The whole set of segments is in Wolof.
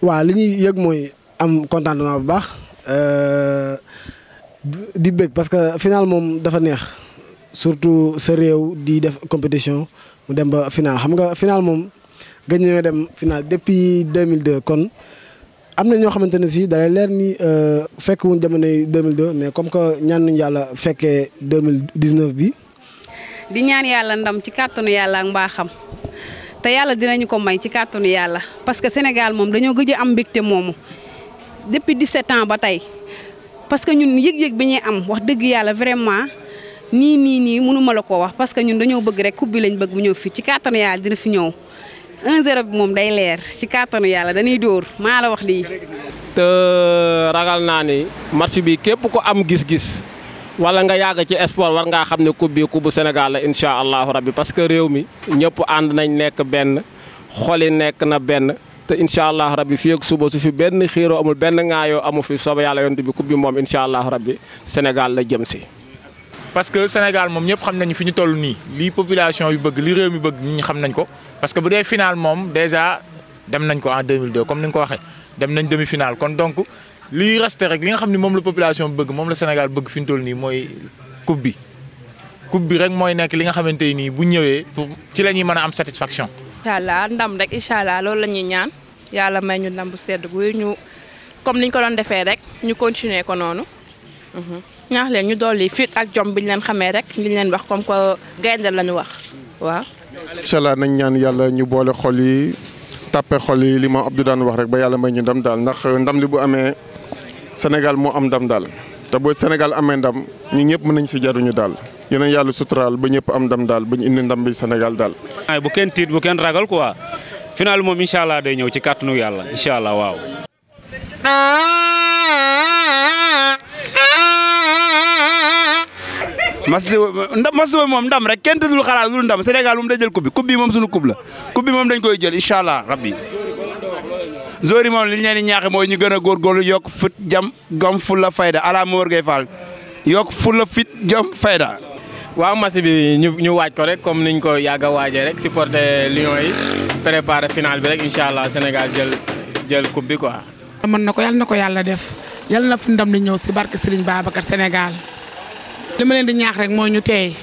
waaw li ñuy yëg mooy am contentement bu baax euh, di bëgg parce que final moom dafa neex surtout sa réew di def compétition mu dem ba final xam nga final moom gëj nañoo dem final depuis 2002 kon am na ñoo xamante ne si dalay leer ni euh, fekk wuñ jamonoy 2002 mais comme que ñaan nañu yàlla fekkee 2019 bi. di ñaan yàlla ndam ci kàttanu yàlla ak mbaaxam. te yalla dinañ ko may ci carton yalla parce que Sénégal mom dañu gëj am bicté mom depuis 17 ans ba tay parce que ñun yeg yeg bi am wax dëgg yalla vraiment ni ni nii mënuma la ko wax parce que ñun dañu bëgg rek coupe bi lañ bëgg bu ñëw fi ci carton yalla dina fi ñëw 1-0 bi moom day lèr ci carton yalla dañuy door ma la wax li te ragal na ni match bi képp ko am gis-gis. wala nga yàgg ci sport war ngaa xam ne coupe bi coupe bu Sénégal la incha allahu rabbi parce que réew mi ñëpp ànd nañ nekk benn xol nekk na benn te incha allahu rabbi fii ak suba su fi benn xiiroo amul benn ŋaayoo amu fi sooba yàlla yonent bi coupe bi moom incha allahu rabbi Sénégal la jëm si. parce que Sénégal moom ñëpp xam nañu fi ñu toll nii lii population bi bëgg li réew mi bëgg ñi xam nañ ko parce que bu dee final moom dèjà dem nañ ko en 2002 comme ni nga ko waxee dem nañ demi final kon donc. li resté rek li nga xamni ni la population bëgg mom la Sénégal bëgg fiñ mu toll nii coupe bi coupe bi rek moy nek li nga xamante ni bu ñëwé pour ci lañuy mëna am satisfaction. incha ndam rek inshallah lo loolu ya ñaan yalla may ñu ndam bu sédd guy ñu comme niñ ko doon défé rek ñu continuer ko noonu. Mhm. ñaax leen ñu doli fit ak jom biñ leen xamé rek liñ leen wax comme ko ya lañu wax wa inshallah nañ ñaan yalla ñu boole xol yi tapé xol yi li ma Abdou dan wax rek ba yalla may ñu ndam dal ndax ndam li bu amé Sénégal moo am ndam daal te boo Sénégal amee ndam ñu ñëpp mën nañ si jaruñu daal yeneen yàlla suturaal ba ñëpp am ndam daal ba ñu indi ndam bi Sénégal daal. Ah, bu kenn tiit bu kenn ragal quoi final moom incha allah day ñëw ci kàttanu yàlla incha allah waaw. Massi ndam Massi moom ndam rek kenn tuddul xalaat lu ndam Sénégal moom day jël coupe bi coupe bi moom sunu coupe la coupe bi moom dañ koy jël incha allah rabbi joueurs yi li ñu leen mooy ñu gën a góorgóorlu yokk fit jam gom fulla fayda ala Mor Gueye Fall yokk fulla fit jom fayda. waa match bi ñu ñu waaj ko rek comme niñ ko yàgg a waajee rek supporter Lions yi préparer final bi rek incha allah Sénégal jël jël coupe bi na ko yàlla na ko yàlla def yàlla na fu ndam li ñëw si barke Serigne Babacar Sénégal li ma leen di ñaax rek mooy ñu teey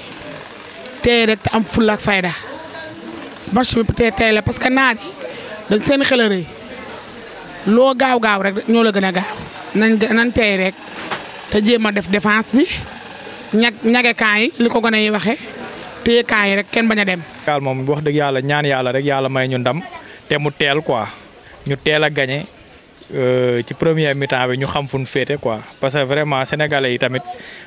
teey rek te am fulla ak fayda match bi tey tey la parce que naar yi dañ seen xel loo gaaw gaaw rek ñoo la gën a gaaw nañ nañ tey rek te jéem a def défense bi ñag ñage camp yi li ko gën a waxee téye camp yi rek kenn bañ a dem. gaal moom wax dëgg yàlla ñaan yàlla rek yàlla may ñu ndam te mu teel quoi ñu teel a gagné euh, ci première mi-temps bi ñu xam fu ñu féete quoi parce que vraiment sénégalais yi tamit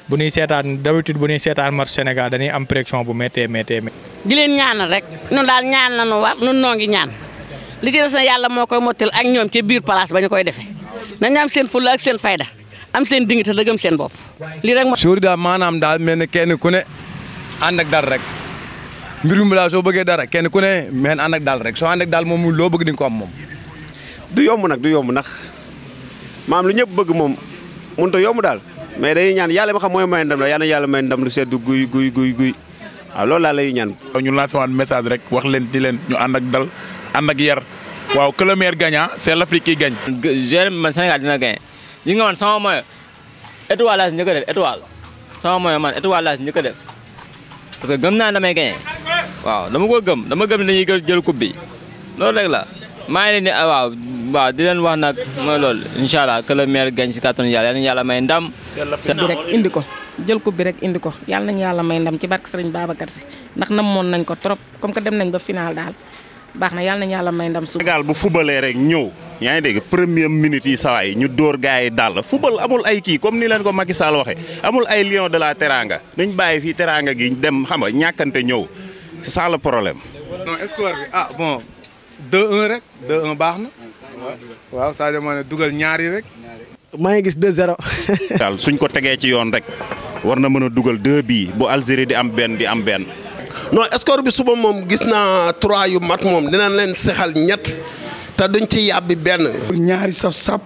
bu ñuy seetaan d'habitude bu nuy seetaan mat Sénégal danuy am pression bu méttee méttee. di leen ñaanal rek ñun daal ñaan la ñu war ñun noo ngi ñaan. li ci des na moo koy mottil ak ñoom ca biir place ba ñu koy defee nañu am seen fulla ak seen fayda am seen dignité te gëm seen bopp lii rek. suur daal maanaam daal mel ne kenn ku ne ànd ak dara rek mbirum bi daal soo bëggee dara kenn ku ne meen ànd ak daal rek soo ànd ak daal moom loo bëgg di ko am moom. du yomb nag du yomb ndax maam lu ñëpp bëgg moom mënut a yomb daal mais dañuy ñaan yàlla ma xam mooy may ndam la yàlla yàlla may ndam lu seddu guy guy guy guy waaw loolu laa lay ñaan. ñu lancer waat message rek wax leen di leen ñu ànd ak amak yar waaw que le meilleur gagne c'est l'Afrique qui gagne. je man Sénégal dina gagne ñi nga man sama moy étoile la ñëk def étoile sama moy man étoile la ñëk def parce que gëm na damay gagne waaw dama ko gëm dama gëm dañuy jël coupe bi lool rek la may leen ni waaw waaw di leen wax nak moy lool inshallah allah que le meilleur gagne ci carton yalla yalla yalla may ndam. c'est bi rek indi ko jël coupe bi rek indi ko yalla nañ yalla may ndam ci barke Serigne Babacar si ndax namoon nañ ko trop comme que dem nañ ba final dal baax na yàlla nañu yàlla may ndam su Sénégal bu fubalee rek ñëw yaa ngi dégg première minute yi sawaay ñu dóor gars yi dàll fubal amul ay kii comme ni leen ko Macky Sall waxee amul ay lion de la teranga dañ bàyyi fii teranga gi dem xam nga ñàkkante ñëw c'est problème. non score bi ah bon 2 rek 2 baax na. waaw Sadio Mané dugal ñaari rek. maa ngi gis 2-0. daal suñ ko tegee ci yoon rek war na mën a dugal 2 bii bu Algérie di am benn di am benn. non score bi suba moom gis naa trois yu mat moom dinañ leen sexal ñett te duñ ci yàbbi benn. ñaari saf sap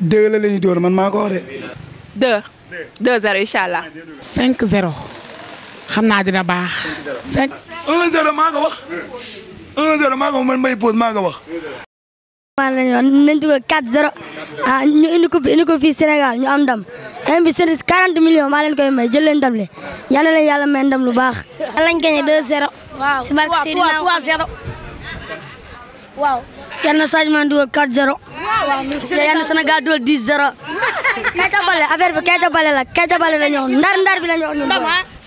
deux la lañuy door man maa ko wax de. deux. deux zéro incha allah. cinq zéro. xam naa dina baax. cinq. un maa ko wax. man mbay pause maa wax. maa ngi leen di wax nañ dugal quatre zéro ah ñu indi ko indi ko fii Sénégal ñu am ndam. même bi c'est 40 millions maa leen koy may jël ndam le yal na leen yàlla may ndam lu baax. yàlla nañ gagné 2 si barke Seydina 3-0. waaw. yal na Sadio Mané dugal 4-0. yal na Sénégal dugal 10-0. Keita Baldé affaire bi Keita Baldé la Keita Baldé la ñëw ndar ndar bi la ñëw.